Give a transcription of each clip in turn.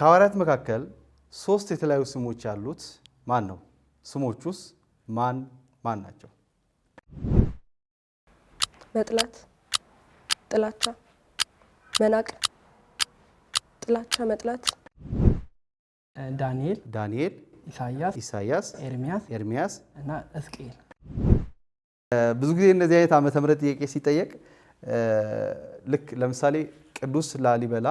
ከሐዋርያት መካከል ሶስት የተለያዩ ስሞች ያሉት ማን ነው? ስሞቹስ ማን ማን ናቸው? መጥላት፣ ጥላቻ፣ መናቅ፣ ጥላቻ፣ መጥላት። ዳንኤል፣ ዳንኤል፣ ኢሳያስ፣ ኢሳያስ፣ ኤርሚያስ፣ ኤርሚያስ እና እስቅኤል። ብዙ ጊዜ እነዚህ አይነት ዓመተ ምሕረት ጥያቄ ሲጠየቅ ልክ ለምሳሌ ቅዱስ ላሊበላ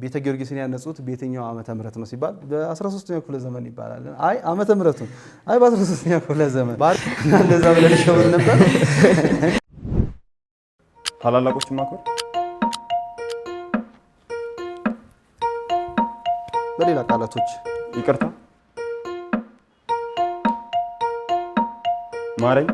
ቤተ ጊዮርጊስን ያነጹት በየትኛው ዓመተ ምህረት ነው ሲባል በ13ኛው ክፍለ ዘመን ይባላል። አይ ዓመተ ምህረቱን አይ በ13ኛው ክፍለ ዘመን እንደዛ ብለን ሸውን ነበር። ታላላቆች ማክበር በሌላ ቃላቶች ይቅርታ ማረኝ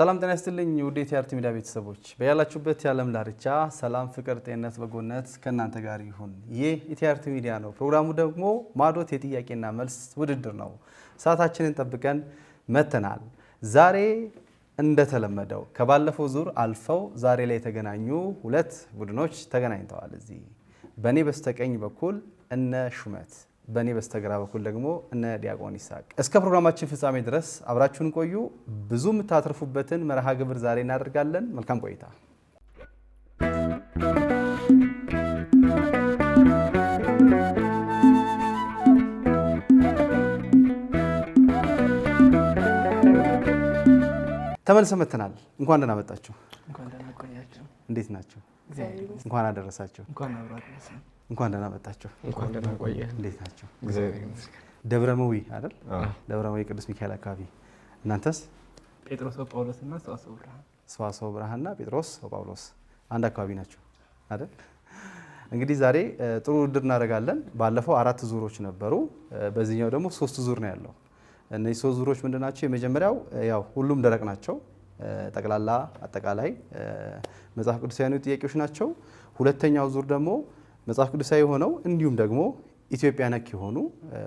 ሰላም ጤና ይስጥልኝ ውድ የቲአርቲ ሚዲያ ቤተሰቦች በያላችሁበት የዓለም ዳርቻ ሰላም፣ ፍቅር፣ ጤንነት፣ በጎነት ከእናንተ ጋር ይሁን። ይህ የቲአርቲ ሚዲያ ነው። ፕሮግራሙ ደግሞ ማዶት የጥያቄና መልስ ውድድር ነው። ሰዓታችንን ጠብቀን መተናል። ዛሬ እንደተለመደው ከባለፈው ዙር አልፈው ዛሬ ላይ የተገናኙ ሁለት ቡድኖች ተገናኝተዋል። እዚህ በእኔ በስተቀኝ በኩል እነ ሹመት በእኔ በስተግራ በኩል ደግሞ እነ ዲያቆን ይስሐቅ። እስከ ፕሮግራማችን ፍጻሜ ድረስ አብራችሁን ቆዩ። ብዙ የምታተርፉበትን መርሃ ግብር ዛሬ እናደርጋለን። መልካም ቆይታ። ተመልሰ መጥተናል። እንኳን ደህና መጣችሁ። እንዴት ናችሁ? እንኳን አደረሳችሁ። እንኳን ደህና መጣችሁ። እንኳን ደህና ቆየ። እንዴት ናቸው? ደብረመዊ አይደል? ደብረመዊ ቅዱስ ሚካኤል አካባቢ። እናንተስ? ጴጥሮስ ጳውሎስ እና ሰዋሰው ብርሃን። ሰዋሰው ብርሃንና ጴጥሮስ ጳውሎስ አንድ አካባቢ ናቸው አይደል? እንግዲህ ዛሬ ጥሩ ውድድር እናደርጋለን። ባለፈው አራት ዙሮች ነበሩ፣ በዚህኛው ደግሞ ሶስት ዙር ነው ያለው። እነዚህ ሶስት ዙሮች ምንድን ናቸው? የመጀመሪያው ያው ሁሉም ደረቅ ናቸው። ጠቅላላ አጠቃላይ መጽሐፍ ቅዱሳዊ ጥያቄዎች ናቸው። ሁለተኛው ዙር ደግሞ መጽሐፍ ቅዱሳዊ የሆነው እንዲሁም ደግሞ ኢትዮጵያ ነክ የሆኑ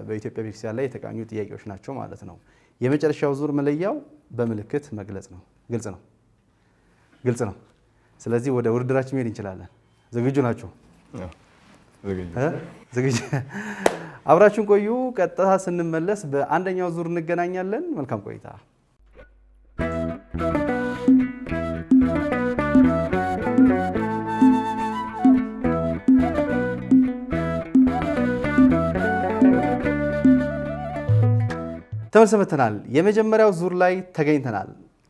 በኢትዮጵያ ቤተክርስቲያን ላይ የተቃኙ ጥያቄዎች ናቸው ማለት ነው። የመጨረሻው ዙር መለያው በምልክት መግለጽ ነው። ግልጽ ነው፣ ግልጽ ነው። ስለዚህ ወደ ውድድራችን መሄድ እንችላለን። ዝግጁ ናቸው? ዝግጁ። አብራችን ቆዩ። ቀጥታ ስንመለስ በአንደኛው ዙር እንገናኛለን። መልካም ቆይታ ተመልሰመተናል። የመጀመሪያው ዙር ላይ ተገኝተናል።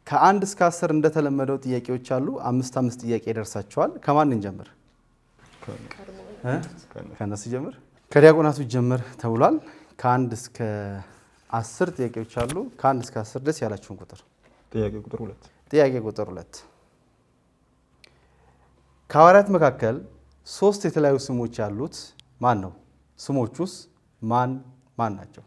ከአንድ እስከ አስር እንደተለመደው ጥያቄዎች አሉ። አምስት አምስት ጥያቄ ይደርሳቸዋል። ከማን እንጀምር? ከነሱ ጀምር፣ ከዲያቆናቱ ጀምር ተብሏል። ከአንድ እስከ አስር ጥያቄዎች አሉ። ከአንድ እስከ አስር ደስ ያላችሁን ቁጥር ጥያቄ ቁጥር ሁለት ከሐዋርያት መካከል ሶስት የተለያዩ ስሞች ያሉት ማን ነው? ስሞቹስ ማን ማን ናቸው?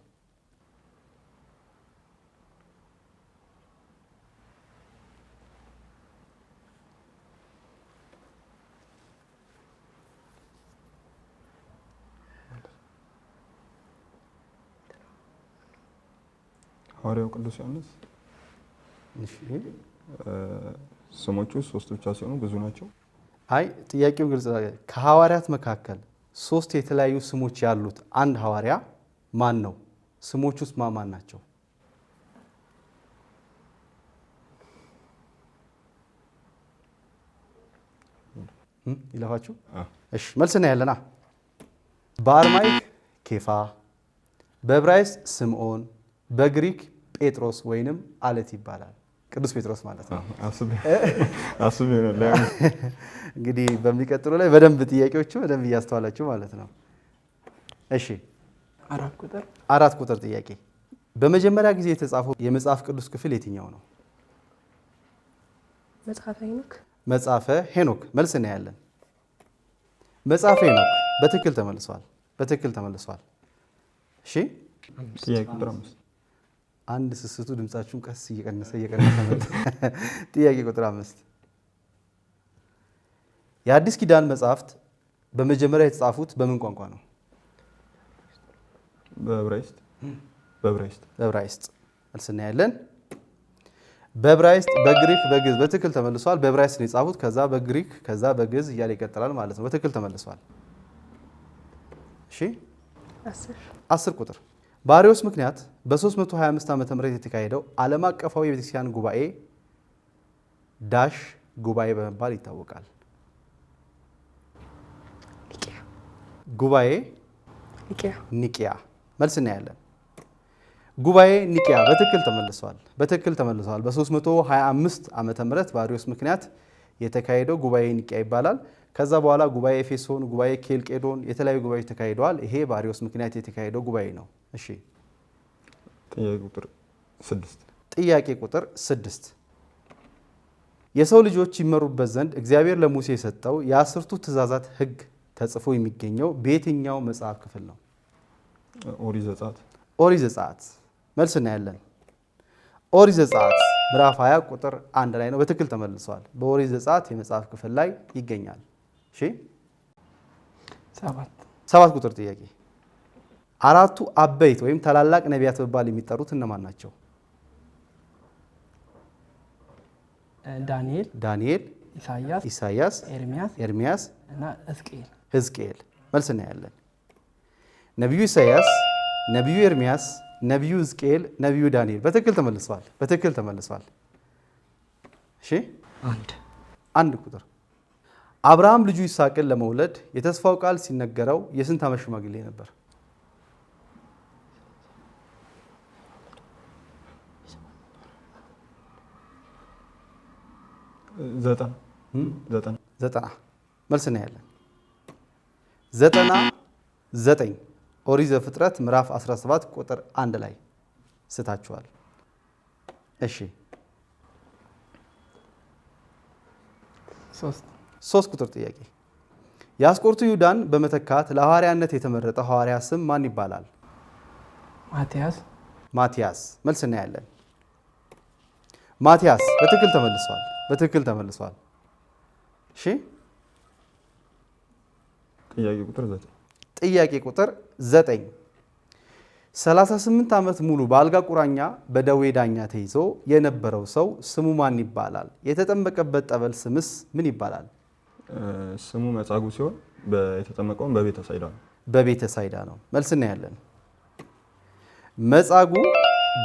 ሐዋርያው ቅዱስ ዮሐንስ ስሞቹ ሶስት ብቻ ሲሆኑ ብዙ ናቸው። አይ ጥያቄው ግልጽ ከሐዋርያት መካከል ሶስት የተለያዩ ስሞች ያሉት አንድ ሐዋርያ ማን ነው? ስሞቹ ውስጥ ማማን ናቸው? ይለፋችሁ። እሺ መልስ ነው ያለና በአርማይክ ኬፋ፣ በዕብራይስጥ ስምዖን፣ በግሪክ ጴጥሮስ ወይንም አለት ይባላል። ቅዱስ ጴጥሮስ ማለት ነው። እንግዲህ በሚቀጥሉ ላይ በደንብ ጥያቄዎቹ በደንብ እያስተዋላችሁ ማለት ነው። እሺ አራት ቁጥር ጥያቄ፣ በመጀመሪያ ጊዜ የተጻፈው የመጽሐፍ ቅዱስ ክፍል የትኛው ነው? መጽሐፈ ሄኖክ። መልስ እናያለን። መጽሐፈ ሄኖክ በትክክል ተመልሷል። በትክክል ተመልሷል። እሺ አንድ ስስቱ ድምፃችሁን ቀስ እየቀነሰ እየቀነሰ መጣ። ጥያቄ ቁጥር አምስት የአዲስ ኪዳን መጽሐፍት በመጀመሪያ የተጻፉት በምን ቋንቋ ነው? በዕብራይስጥ በዕብራይስጥ መልስ እናያለን። በዕብራይስጥ፣ በግሪክ፣ በግዕዝ በትክክል ተመልሷል። በዕብራይስጥ ነው የጻፉት፣ ከዛ በግሪክ፣ ከዛ በግዕዝ እያለ ይቀጥላል ማለት ነው። በትክክል ተመልሷል። እሺ አስር ቁጥር በአርዮስ ምክንያት በ325 ዓ ም የተካሄደው ዓለም አቀፋዊ የቤተክርስቲያን ጉባኤ ዳሽ ጉባኤ በመባል ይታወቃል። ጉባኤ ኒቂያ መልስ እናያለን። ጉባኤ ኒቂያ በትክክል ተመልሷል። በትክክል ተመልሰዋል በ በ325 ዓ ም በአሪዮስ ምክንያት የተካሄደው ጉባኤ ኒቂያ ይባላል። ከዛ በኋላ ጉባኤ ኤፌሶን፣ ጉባኤ ኬልቄዶን የተለያዩ ጉባኤዎች ተካሂደዋል። ይሄ በአሪዮስ ምክንያት የተካሄደው ጉባኤ ነው። እሺ ጥያቄ ቁጥር ስድስት ጥያቄ ቁጥር ስድስት የሰው ልጆች ይመሩበት ዘንድ እግዚአብሔር ለሙሴ የሰጠው የአስርቱ ትእዛዛት ሕግ ተጽፎ የሚገኘው በየትኛው መጽሐፍ ክፍል ነው? ኦሪት ዘጸአት። ኦሪት ዘጸአት መልስ እናያለን። ኦሪት ዘጸአት ምዕራፍ 20 ቁጥር አንድ ላይ ነው። በትክክል ተመልሷል። በኦሪት ዘጸአት የመጽሐፍ ክፍል ላይ ይገኛል። እሺ ሰባት ቁጥር ጥያቄ አራቱ አበይት ወይም ታላላቅ ነቢያት በመባል የሚጠሩት እነማን ናቸው? ዳንኤል፣ ዳንኤል፣ ኢሳያስ፣ ኢሳያስ፣ ኤርሚያስ፣ ኤርሚያስ እና ሕዝቅኤል፣ ሕዝቅኤል። መልስ እናያለን። ነቢዩ ኢሳያስ፣ ነቢዩ ኤርሚያስ፣ ነቢዩ ሕዝቅኤል፣ ነቢዩ ዳንኤል በትክክል ተመልሰዋል። በትክክል ተመልሰዋል። እሺ፣ አንድ አንድ ቁጥር አብርሃም ልጁ ይስሐቅን ለመውለድ የተስፋው ቃል ሲነገረው የስንት ዓመት ሽማግሌ ነበር? ዘጠና መልስ እናያለን። ዘጠና ዘጠኝ ኦሪት ዘፍጥረት ምዕራፍ 17 ቁጥር አንድ ላይ ስታችኋል። እሺ ሶስት ቁጥር ጥያቄ የአስቆርቱ ይሁዳን በመተካት ለሐዋርያነት የተመረጠ ሐዋርያ ስም ማን ይባላል? ማቲያስ። ማቲያስ መልስ እናያለን። ማቲያስ በትክክል ተመልሷል። በትክክል ተመልሷል። እሺ ጥያቄ ቁጥር ዘጠኝ ጥያቄ ቁጥር ዘጠኝ 38 ዓመት ሙሉ በአልጋ ቁራኛ በደዌ ዳኛ ተይዞ የነበረው ሰው ስሙ ማን ይባላል? የተጠመቀበት ጠበል ስምስ ምን ይባላል? ስሙ መጻጉ ሲሆን የተጠመቀውን በቤተ ሳይዳ ነው። በቤተ ሳይዳ ነው። መልስ እናያለን። መጻጉ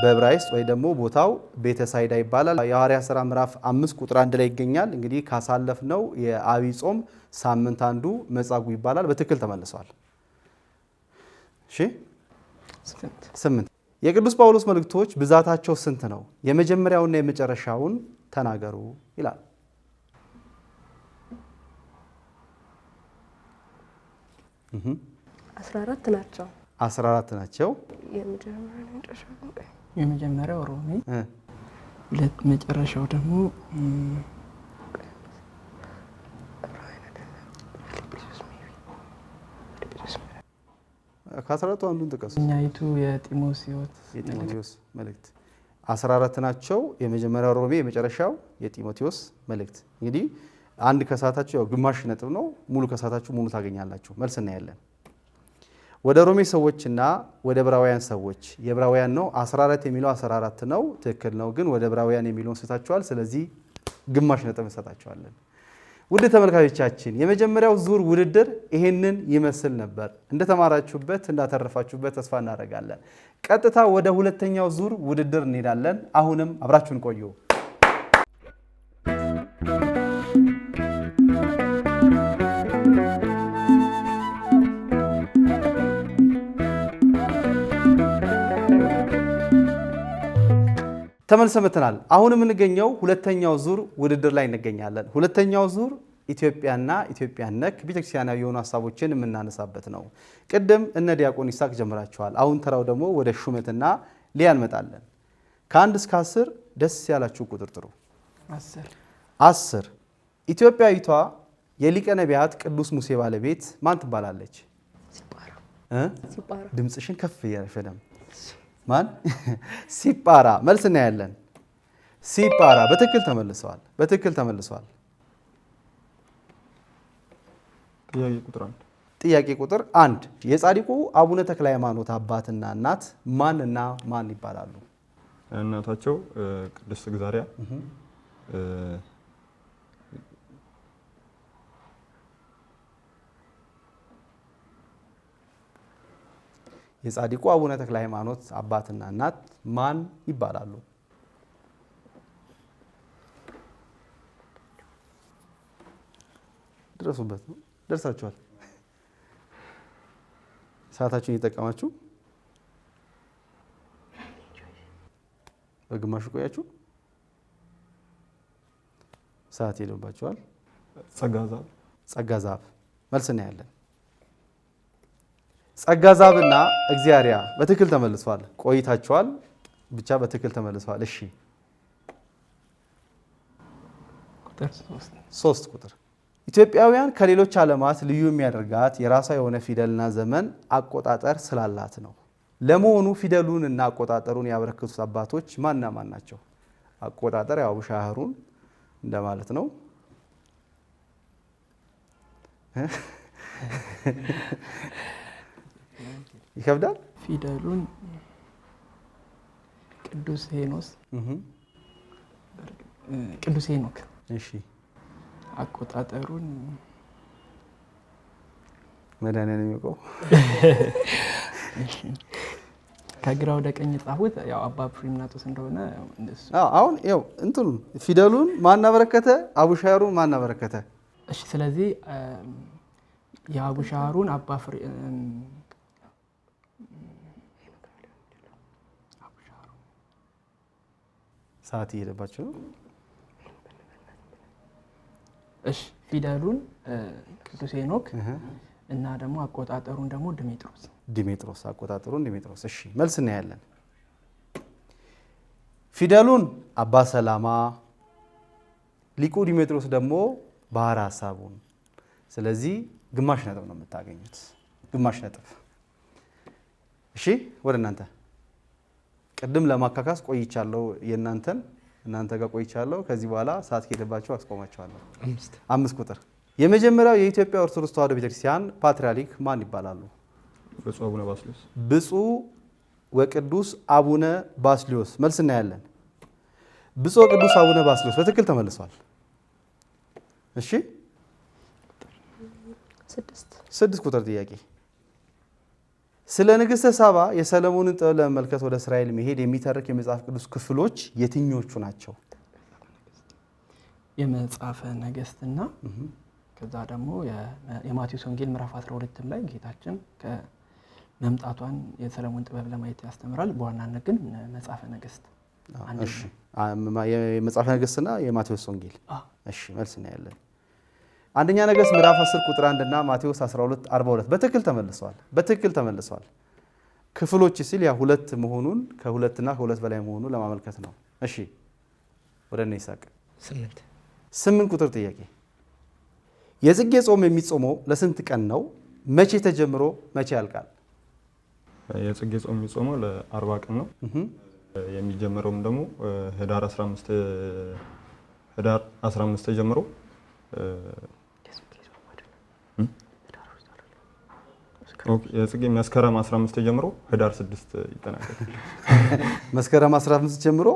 በብራይስጥ ወይ ደግሞ ቦታው ቤተሳይዳ ይባላል። የሐዋርያ ሥራ ምዕራፍ አምስት ቁጥር አንድ ላይ ይገኛል። እንግዲህ ካሳለፍነው የአብይ ጾም ሳምንት አንዱ መጻጉዕ ይባላል። በትክክል ተመልሰዋል። እሺ ስምንት የቅዱስ ጳውሎስ መልእክቶች ብዛታቸው ስንት ነው? የመጀመሪያውና የመጨረሻውን ተናገሩ ይላል። አስራ አራት ናቸው። አስራ አራት ናቸው። የመጀመሪያው ሮሜ፣ መጨረሻው ደግሞ ከአስራአራቱ አንዱን ጥቀሱ። እኛይቱ የጢሞቴዎስ የጢሞቴዎስ መልእክት አስራ አራት ናቸው። የመጀመሪያው ሮሜ፣ የመጨረሻው የጢሞቴዎስ መልእክት። እንግዲህ አንድ ከሰዓታችሁ ያው ግማሽ ነጥብ ነው። ሙሉ ከሰዓታችሁ ሙሉ ታገኛላችሁ። መልስ እናያለን። ወደ ሮሜ ሰዎችና ወደ ዕብራውያን ሰዎች የዕብራውያን ነው 14 የሚለው 14 ነው፣ ትክክል ነው። ግን ወደ ዕብራውያን የሚለውን ስታችኋል። ስለዚህ ግማሽ ነጥብ እንሰጣቸዋለን። ውድ ተመልካቾቻችን የመጀመሪያው ዙር ውድድር ይሄንን ይመስል ነበር። እንደተማራችሁበት እንዳተረፋችሁበት ተስፋ እናደርጋለን። ቀጥታ ወደ ሁለተኛው ዙር ውድድር እንሄዳለን። አሁንም አብራችሁን ቆዩ። ተመልሰን አሁን የምንገኘው ሁለተኛው ዙር ውድድር ላይ እንገኛለን። ሁለተኛው ዙር ኢትዮጵያና ኢትዮጵያ ነክ ቤተክርስቲያናዊ የሆኑ ሀሳቦችን የምናነሳበት ነው። ቅድም እነ ዲያቆን ይስሐቅ ጀምራቸዋል። አሁን ተራው ደግሞ ወደ ሹመትና ሊያ እንመጣለን። ከአንድ እስከ አስር ደስ ያላችሁ ቁጥር ጥሩ። አስር ኢትዮጵያዊቷ የሊቀ ነቢያት ቅዱስ ሙሴ ባለቤት ማን ትባላለች? ድምፅሽን ከፍ ማን ሲጳራ መልስ እናያለን። ሲጳራ በትክክል ተመልሰዋል። በትክክል ተመልሰዋል። ጥያቄ ቁጥር አንድ የጻድቁ አቡነ ተክለ ሃይማኖት አባትና እናት ማን እና ማን ይባላሉ? እናታቸው ቅድስት እግዚአብሔር የጻድቁ አቡነ ተክለ ሃይማኖት አባትና እናት ማን ይባላሉ? ድረሱበት ነው። ደርሳችኋል። ሰዓታችሁን እየጠቀማችሁ በግማሹ ቆያችሁ። ሰዓት የለባችኋል። ጸጋ ዛፍ መልስ እናያለን። ያለን። ጸጋዛብና እግዚአብሔር በትክክል ተመልሷል። ቆይታችኋል ብቻ በትክክል ተመልሷል። እሺ ሶስት ቁጥር ኢትዮጵያውያን ከሌሎች ዓለማት ልዩ የሚያደርጋት የራሷ የሆነ ፊደልና ዘመን አቆጣጠር ስላላት ነው። ለመሆኑ ፊደሉን እና አቆጣጠሩን ያበረከቱት አባቶች ማና ማን ናቸው? አቆጣጠር ያው ሻህሩን እንደማለት ነው። ይከብዳል። ፊደሉን ቅዱስ ሄኖስ ቅዱስ ሄኖክ። እሺ አቆጣጠሩን መድኃኒዓለም የሚውቀው ከግራ ወደ ቀኝ ጻፉት። ያው አባ ፕሪምናጦስ እንደሆነ አሁን ያው እንትኑ ፊደሉን ማናበረከተ አቡሻሩን ማናበረከተ። እሺ ስለዚህ የአቡሻሩን አባ ሰዓት እየሄደባቸው ነው። እሺ ፊደሉን ቅዱስ ሄኖክ እና ደግሞ አቆጣጠሩን ደግሞ ድሜጥሮስ ድሜጥሮስ አቆጣጠሩን ድሜጥሮስ። እሺ መልስ እናያለን። ፊደሉን አባ ሰላማ ሊቁ ዲሜጥሮስ ደግሞ ባህረ ሀሳቡን ስለዚህ ግማሽ ነጥብ ነው የምታገኙት፣ ግማሽ ነጥብ። እሺ ወደ እናንተ ቅድም ለማካካስ ቆይቻለሁ። የእናንተን እናንተ ጋር ቆይቻለሁ። ከዚህ በኋላ ሰዓት ከሄደባቸው አስቆማቸዋለሁ። አምስት ቁጥር የመጀመሪያው የኢትዮጵያ ኦርቶዶክስ ተዋሕዶ ቤተክርስቲያን ፓትርያርክ ማን ይባላሉ? ብፁዕ ወቅዱስ አቡነ ባስልዮስ። መልስ እናያለን። ብፁዕ ወቅዱስ አቡነ ባስልዮስ በትክክል ተመልሷል። እሺ ስድስት ቁጥር ጥያቄ ስለ ንግሥተ ሳባ የሰለሞንን ጥበብ ለመመልከት ወደ እስራኤል መሄድ የሚተርክ የመጽሐፍ ቅዱስ ክፍሎች የትኞቹ ናቸው? የመጽሐፈ ነገሥትና ከዛ ደግሞ የማቴዎስ ወንጌል ምዕራፍ 12 ላይ ጌታችን መምጣቷን የሰለሞን ጥበብ ለማየት ያስተምራል። በዋናነት ግን መጽሐፈ ነገሥት የመጽሐፈ ነገሥትና የማቴዎስ ወንጌል። መልስ እናያለን። አንደኛ ነገሥት ምዕራፍ 10 ቁጥር 1 እና ማቴዎስ 12 42 በትክክል ተመልሰዋል። በትክክል ተመልሰዋል። ክፍሎች ሲል ያ ሁለት መሆኑን ከሁለትና ከሁለት በላይ መሆኑ ለማመልከት ነው። እሺ ወደ እነ ይሳቅ ስምንት ቁጥር ጥያቄ የጽጌ ጾም የሚጾመው ለስንት ቀን ነው? መቼ ተጀምሮ መቼ ያልቃል? የጽጌ ጾም የሚጾመው ለአርባ ቀን ነው። የሚጀምረውም ደግሞ ህዳር 15 ጀምሮ የጽጌ መስከረም 15 ጀምሮ ህዳር 6 ይጠናቀቃል። መስከረም 15 ጀምሮ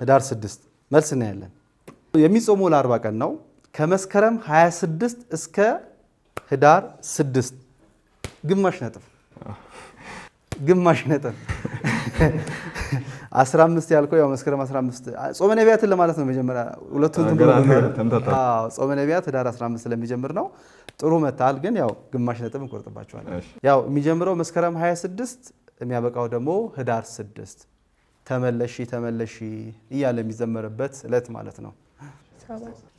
ህዳር 6 መልስ ነው ያለን። የሚጾመው ለ40 ቀን ነው። ከመስከረም 26 እስከ ህዳር 6 ግማሽ ነጥብ ግማሽ ነጥብ 15 ያልከው ያው መስከረም 15 ጾመ ነቢያትን ለማለት ነው። መጀመሪያ ሁለቱን ጾመ ነቢያት ህዳር 15 ስለሚጀምር ነው። ጥሩ መታል፣ ግን ያው ግማሽ ነጥብ እንቆርጥባቸዋለን። ያው የሚጀምረው መስከረም 26 የሚያበቃው ደግሞ ህዳር 6 ተመለሺ ተመለሺ እያለ የሚዘመርበት ዕለት ማለት ነው።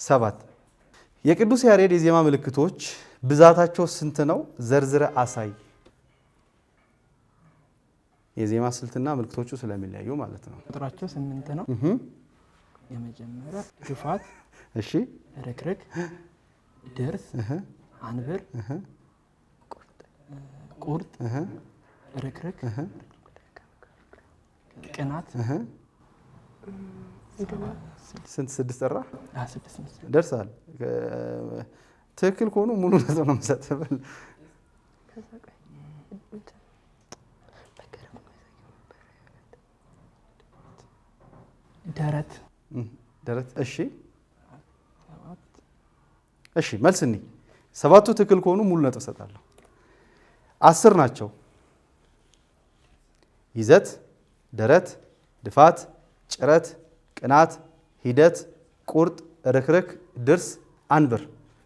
ሰባት የቅዱስ ያሬድ የዜማ ምልክቶች ብዛታቸው ስንት ነው? ዘርዝረ አሳይ የዜማ ስልትና ምልክቶቹ ስለሚለያዩ ማለት ነው። ቁጥራቸው ስምንት ነው። የመጀመሪያ ሽፋት፣ እሺ፣ ርክርክ፣ ድርስ፣ አንብር፣ ቁርጥ፣ ርክርክ፣ ቅናት ስንት ስድስት ጠራ ደርሳል። ትክክል ከሆኑ ሙሉ ነጥብ ነው የምሰጥህ። ደረት ደረት። እሺ እሺ፣ መልስ ሰባቱ ትክክል ከሆኑ ሙሉ ነጥብ እሰጣለሁ። አስር ናቸው። ይዘት፣ ደረት፣ ድፋት፣ ጭረት፣ ቅናት፣ ሂደት፣ ቁርጥ፣ ርክርክ፣ ድርስ፣ አንብር።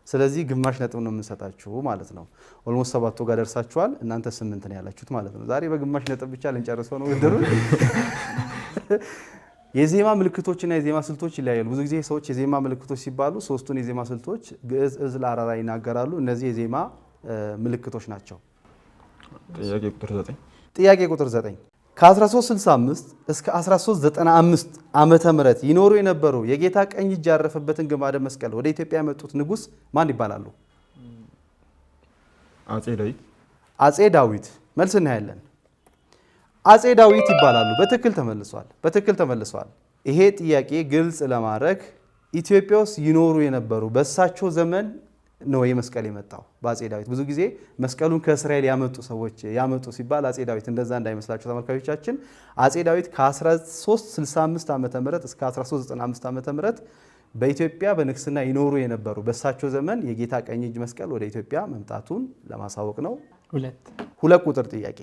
ስለዚህ ግማሽ ነጥብ ነው የምንሰጣችሁ ማለት ነው። ኦልሞስት ሰባቱ ጋር ደርሳችኋል። እናንተ ስምንት ነው ያላችሁት ማለት ነው። ዛሬ በግማሽ ነጥብ ብቻ ልንጨርሰው ነው ውድድሩን። የዜማ ምልክቶችና የዜማ ስልቶች ይለያያሉ። ብዙ ጊዜ ሰዎች የዜማ ምልክቶች ሲባሉ ሶስቱን የዜማ ስልቶች ግዕዝ፣ እዝል፣ አራራ ይናገራሉ። እነዚህ የዜማ ምልክቶች ናቸው። ጥያቄ ቁጥር 9 ጥያቄ ቁጥር 9 ከ1365 እስከ 1395 ዓ ም ይኖሩ የነበሩ የጌታ ቀኝ እጅ ያረፈበትን ግማደ መስቀል ወደ ኢትዮጵያ የመጡት ንጉሥ ማን ይባላሉ? አጼ ዳዊት። አጼ ዳዊት መልስ እናያለን። አጼ ዳዊት ይባላሉ። በትክክል ተመልሷል። በትክክል ተመልሷል። ይሄ ጥያቄ ግልጽ ለማድረግ ኢትዮጵያ ውስጥ ይኖሩ የነበሩ በእሳቸው ዘመን ነው የመስቀል የመጣው በአጼ ዳዊት። ብዙ ጊዜ መስቀሉን ከእስራኤል ያመጡ ሰዎች ያመጡ ሲባል አጼ ዳዊት እንደዛ እንዳይመስላቸው ተመልካቾቻችን። አጼ ዳዊት ከ1365 ዓ ም እስከ 1395 ዓ ም በኢትዮጵያ በንግስና ይኖሩ የነበሩ በእሳቸው ዘመን የጌታ ቀኝ እጅ መስቀል ወደ ኢትዮጵያ መምጣቱን ለማሳወቅ ነው። ሁለት ቁጥር ጥያቄ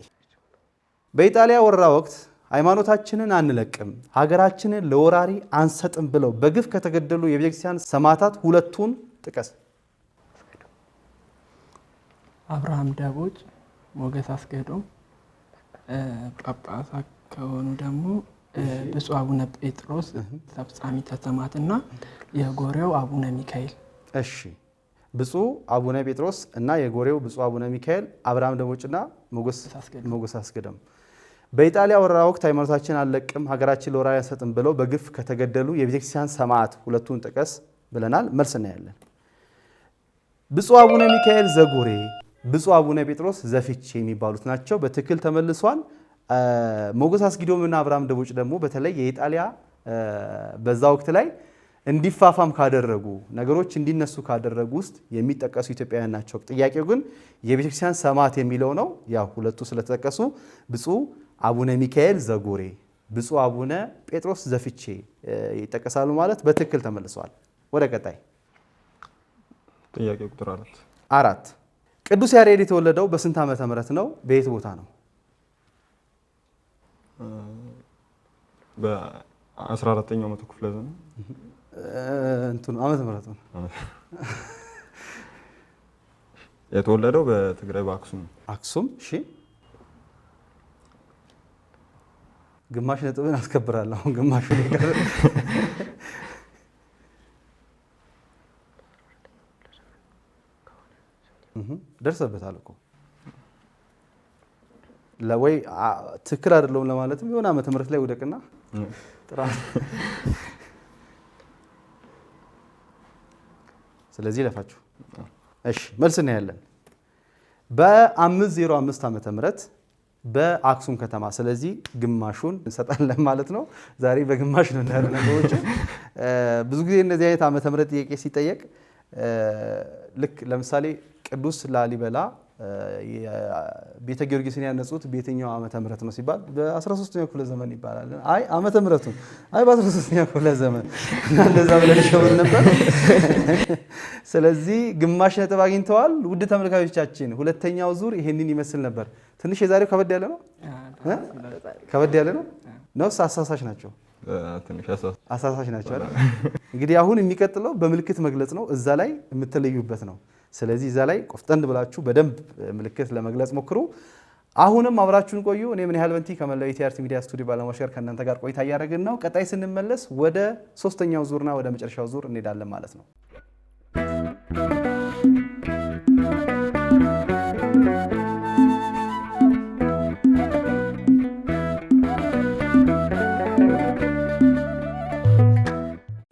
በኢጣሊያ ወረራ ወቅት ሃይማኖታችንን አንለቅም፣ ሀገራችንን ለወራሪ አንሰጥም ብለው በግፍ ከተገደሉ የቤተክርስቲያን ሰማዕታት ሁለቱን ጥቀስ። አብርሃም ዳቦጭ፣ ሞገስ አስገዶም። ጳጳሳ ከሆኑ ደግሞ ብፁ አቡነ ጴጥሮስ ሰብሳሚ እና የጎሬው አቡነ ሚካኤል። እሺ ብፁ አቡነ ጴጥሮስ እና የጎሬው ብፁ አቡነ ሚካኤል፣ አብርሃም ዳቦጭና ሞገስ አስገደም። በኢጣሊያ ወረራ ወቅት ሃይማኖታችን አለቅም ሀገራችን ለወራሪ አንሰጥም ብለው በግፍ ከተገደሉ የቤተክርስቲያን ሰማዕት ሁለቱን ጥቀስ ብለናል። መልስ እናያለን። ብፁዕ አቡነ ሚካኤል ዘጉሬ፣ ብፁዕ አቡነ ጴጥሮስ ዘፊች የሚባሉት ናቸው። በትክክል ተመልሷል። ሞገስ አስጊዶምና አብርሃም ደቦጭ ደግሞ በተለይ የኢጣሊያ በዛ ወቅት ላይ እንዲፋፋም ካደረጉ ነገሮች እንዲነሱ ካደረጉ ውስጥ የሚጠቀሱ ኢትዮጵያውያን ናቸው። ጥያቄው ግን የቤተክርስቲያን ሰማዕት የሚለው ነው። ያው ሁለቱ ስለተጠቀሱ ብፁዕ አቡነ ሚካኤል ዘጉሬ፣ ብፁዕ አቡነ ጴጥሮስ ዘፍቼ ይጠቀሳሉ ማለት በትክክል ተመልሰዋል። ወደ ቀጣይ ጥያቄ ቁጥር አራት ቅዱስ ያሬድ የተወለደው በስንት ዓመተ ምህረት ነው? በየት ቦታ ነው? በ 14 መቶ ክፍለ ዘመን ዓመተ ምህረቱ ነው የተወለደው በትግራይ በአክሱም አክሱም። እሺ ግማሽ ነጥብን አስከብራለሁ። አሁን ግማሹ ደርሰበታል እኮ ወይ ትክክል አይደለውም ለማለትም የሆነ ዓመተ ምህረት ላይ ውደቅና ጥራት ስለዚህ ለፋችሁ። እሺ መልስ እናያለን ያለን በ505 ዓመተ በአክሱም ከተማ። ስለዚህ ግማሹን እንሰጣለን ማለት ነው። ዛሬ በግማሽ ነው እናያሉ ነገሮች። ብዙ ጊዜ እነዚህ አይነት ዓመተ ምሕረት ጥያቄ ሲጠየቅ ልክ ለምሳሌ ቅዱስ ላሊበላ ቤተ ጊዮርጊስን ያነጹት በየትኛው ዓመተ ምህረት ነው ሲባል በ13ኛው ክፍለ ዘመን ይባላል። አይ ዓመተ ምህረቱ አይ በ13ኛው ክፍለ ዘመን እንደዛ ብለን ሸውን ነበር። ስለዚህ ግማሽ ነጥብ አግኝተዋል። ውድ ተመልካቾቻችን ሁለተኛው ዙር ይሄንን ይመስል ነበር። ትንሽ የዛሬው ከበድ ያለ ነው ከበድ ያለ ነው ነውስ አሳሳሽ ናቸው አሳሳሽ ናቸው። እንግዲህ አሁን የሚቀጥለው በምልክት መግለጽ ነው። እዛ ላይ የምትለዩበት ነው። ስለዚህ እዛ ላይ ቆፍጠን ብላችሁ በደንብ ምልክት ለመግለጽ ሞክሩ። አሁንም አብራችሁን ቆዩ። እኔ ምን ያህል በንቲ ከመላው ኢቲአርቲ ሚዲያ ስቱዲዮ ባለሙያዎች ጋር ከእናንተ ጋር ቆይታ እያደረግን ነው። ቀጣይ ስንመለስ ወደ ሶስተኛው ዙርና ወደ መጨረሻው ዙር እንሄዳለን ማለት ነው።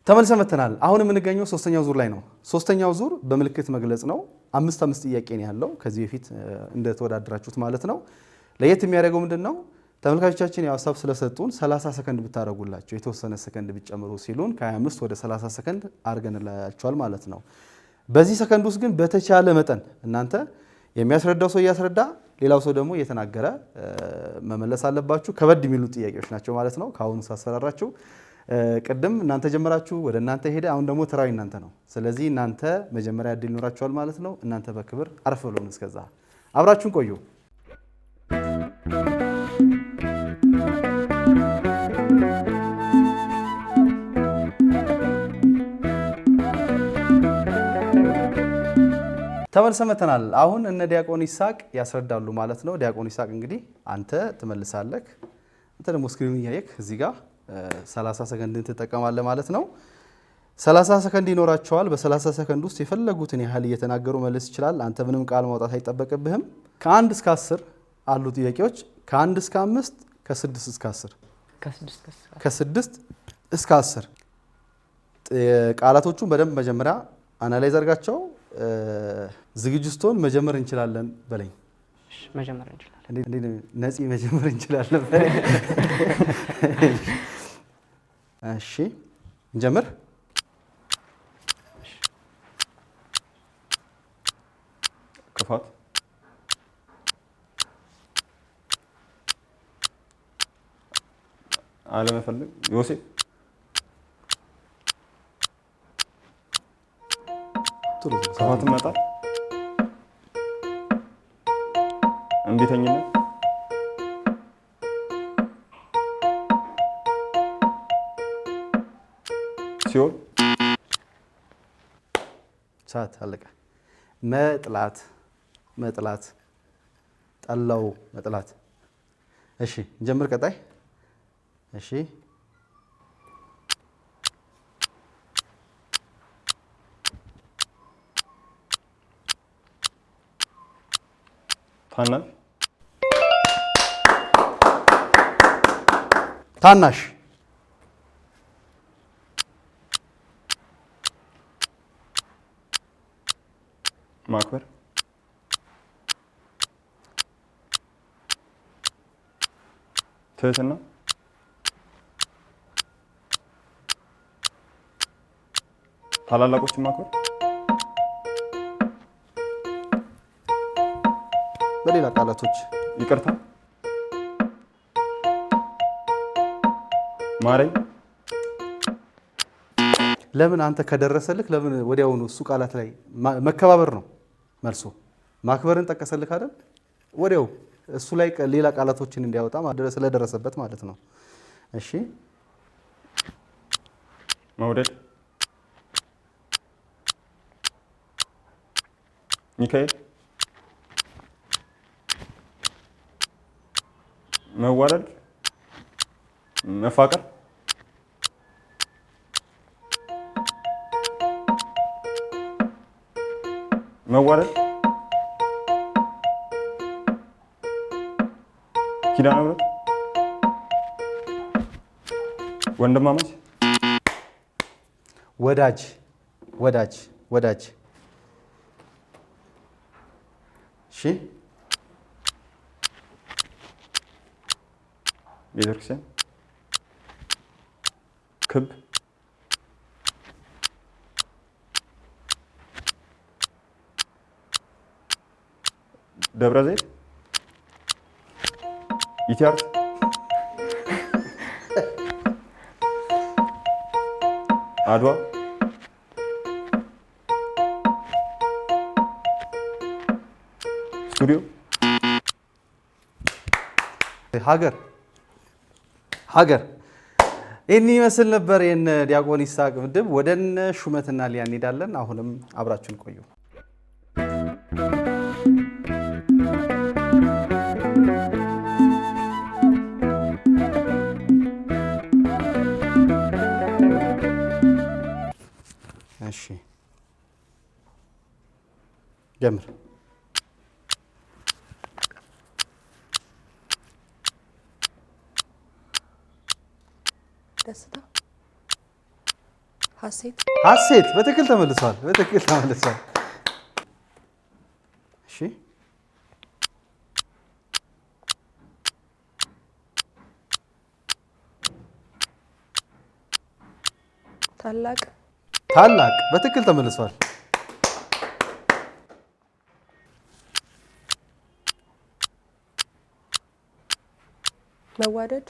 ተመልሰን መተናል። አሁን የምንገኘው ሶስተኛው ዙር ላይ ነው። ሶስተኛው ዙር በምልክት መግለጽ ነው። አምስት አምስት ጥያቄ ነው ያለው ከዚህ በፊት እንደተወዳደራችሁት ማለት ነው። ለየት የሚያደርገው ምንድን ነው? ተመልካቾቻችን የሀሳብ ስለሰጡን 30 ሰከንድ ብታደረጉላቸው የተወሰነ ሰከንድ ብጨምሩ ሲሉን ከ25 ወደ 30 ሰከንድ አድርገንላቸዋል ማለት ነው። በዚህ ሰከንድ ውስጥ ግን በተቻለ መጠን እናንተ የሚያስረዳው ሰው እያስረዳ ሌላው ሰው ደግሞ እየተናገረ መመለስ አለባችሁ። ከበድ የሚሉ ጥያቄዎች ናቸው ማለት ነው። ከአሁኑ ሳሰራራችሁ ቅድም እናንተ ጀመራችሁ፣ ወደ እናንተ ሄደ። አሁን ደግሞ ተራዊ እናንተ ነው። ስለዚህ እናንተ መጀመሪያ እድል ይኖራችኋል ማለት ነው። እናንተ በክብር አረፍ ብሎን እስከዛ አብራችሁን ቆዩ። ተመልሰመተናል መተናል። አሁን እነ ዲያቆን ይስሐቅ ያስረዳሉ ማለት ነው። ዲያቆን ይስሐቅ እንግዲህ አንተ ትመልሳለህ፣ አንተ ደግሞ ስክሪኑን እያየክ እዚህ ጋር 30 ሰከንድን ትጠቀማለህ ማለት ነው። 30 ሰከንድ ይኖራቸዋል። በ30 ሰከንድ ውስጥ የፈለጉትን ያህል እየተናገሩ መልስ ይችላል። አንተ ምንም ቃል ማውጣት አይጠበቅብህም። ከአንድ እስከ 10 አሉ ጥያቄዎች ከአንድ እስከ አምስት ከስድስት እስከ 10 ከስድስት እስከ 10 ቃላቶቹን በደንብ መጀመሪያ አናላይዝ አድርጋቸው። ዝግጁ መጀመር እንችላለን በለኝ። መጀመር እንችላለን ነፂ፣ መጀመር እንችላለን በለኝ። እሺ እንጀምር። ክፋት፣ አለመፈለግ፣ ዮሴፍ ክፋት፣ መጣ፣ እምቢተኝነት ሲሆን ሰዓት አለቀ። መጥላት መጥላት ጠላው መጥላት። እሺ ጀምር። ቀጣይ እሺ ታናሽ ማክበር ትህትና ታላላቆችን ማክበር በሌላ ቃላቶች ይቅርታ ማረኝ ለምን አንተ ከደረሰልክ ለምን ወዲያውኑ እሱ ቃላት ላይ መከባበር ነው መልሶ ማክበርን ጠቀሰልክ አይደል? ወዲያው እሱ ላይ ሌላ ቃላቶችን እንዲያወጣ ስለደረሰበት ማለት ነው። እሺ መውደድ ሚካኤል መዋደድ መፋቀር መዋረድ ኪዳነ ምሕረት ወንድማማች ወዳጅ ወዳጅ ወዳጅ እሺ ቤተክርስቲያን ክብ ደብረ ዘይት ኢቲአርት አድዋ ስቱዲዮ ሀገር ሀገር ይህን ይመስል ነበር። የነ ዲያቆን ይስሐቅ ምድብ ወደነ ሹመትና ሊያ እንሄዳለን። አሁንም አብራችን ቆዩ። ጀምር። ደስታ፣ ሀሴት፣ ሀሴት። በትክክል ተመልሷል። በትክክል ተመልሷል። እሺ ታላቅ፣ ታላቅ። በትክክል ተመልሷል። መዋደድ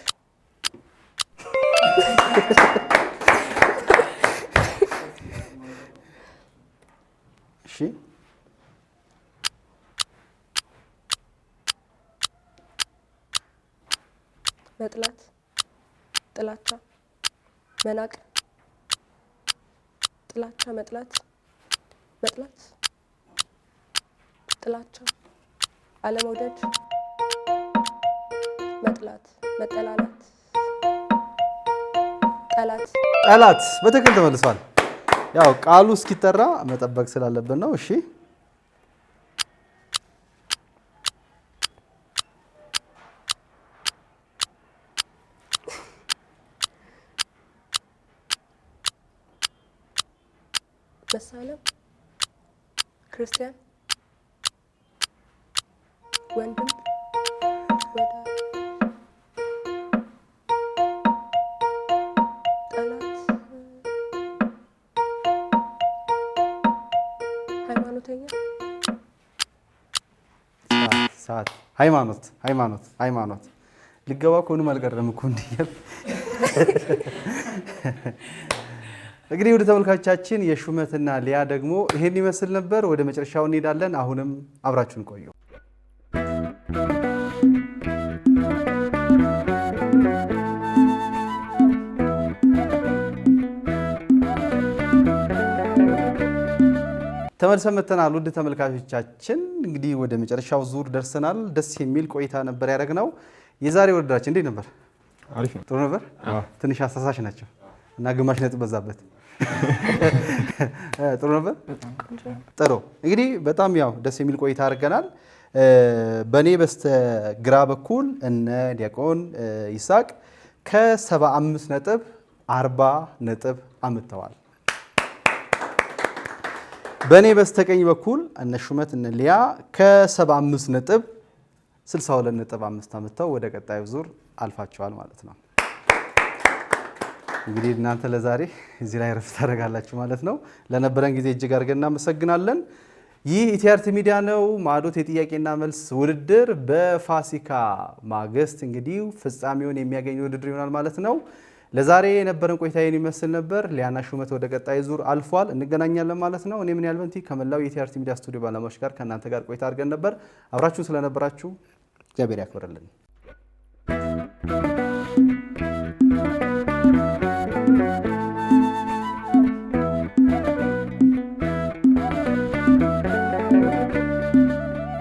እሺ መጥላት ጥላቻ መናቅ ጥላቻ መጥላት መጥላት ጥላቻ አለመውደድ መጥላት፣ መጠላላት፣ ጠላት፣ ጠላት በትክክል ተመልሷል። ያው ቃሉ እስኪጠራ መጠበቅ ስላለብን ነው። እሺ መሳለም፣ ክርስቲያን፣ ወንድም ሰዓት ሃይማኖት ሃይማኖት ሃይማኖት ልገባ ከሆኑም አልቀረም እኮ እንዲያል እንግዲህ ወደ ተመልካቾቻችን የሹመትና ሊያ ደግሞ ይሄን ይመስል ነበር። ወደ መጨረሻው እንሄዳለን። አሁንም አብራችሁን ቆዩ። ተመልሰን መጥተናል። ውድ ተመልካቾቻችን እንግዲህ ወደ መጨረሻው ዙር ደርሰናል። ደስ የሚል ቆይታ ነበር ያደረግነው። የዛሬ ወረዳችን እንዴት ነበር? ጥሩ ነበር። ትንሽ አሳሳሽ ናቸው እና ግማሽ ነጥብ በዛበት። ጥሩ ነበር። ጥሩ እንግዲህ በጣም ያው ደስ የሚል ቆይታ አድርገናል። በእኔ በስተግራ በኩል እነ ዲያቆን ይሳቅ ከ75 ነጥብ 40 ነጥብ አምጥተዋል። በእኔ በስተቀኝ በኩል እነ ሹመት እነ ሊያ ከ75 ነጥብ 62 ነጥብ አምስት አምጥተው ወደ ቀጣዩ ዙር አልፋቸዋል ማለት ነው። እንግዲህ እናንተ ለዛሬ እዚህ ላይ ረፍት ታደርጋላችሁ ማለት ነው። ለነበረን ጊዜ እጅግ አድርገን እናመሰግናለን። ይህ ኢቲአርቲ ሚዲያ ነው። ማዕዶት የጥያቄና መልስ ውድድር በፋሲካ ማግስት እንግዲህ ፍጻሜውን የሚያገኝ ውድድር ይሆናል ማለት ነው። ለዛሬ የነበረን ቆይታ ይህን ይመስል ነበር። ሊያና ሹመት ወደ ቀጣይ ዙር አልፏል። እንገናኛለን ማለት ነው። እኔ ምንያል በንቲ ከመላው የቲአርቲ ሚዲያ ስቱዲዮ ባለሙያዎች ጋር ከእናንተ ጋር ቆይታ አድርገን ነበር። አብራችሁን ስለነበራችሁ እግዚአብሔር ያክብርልን።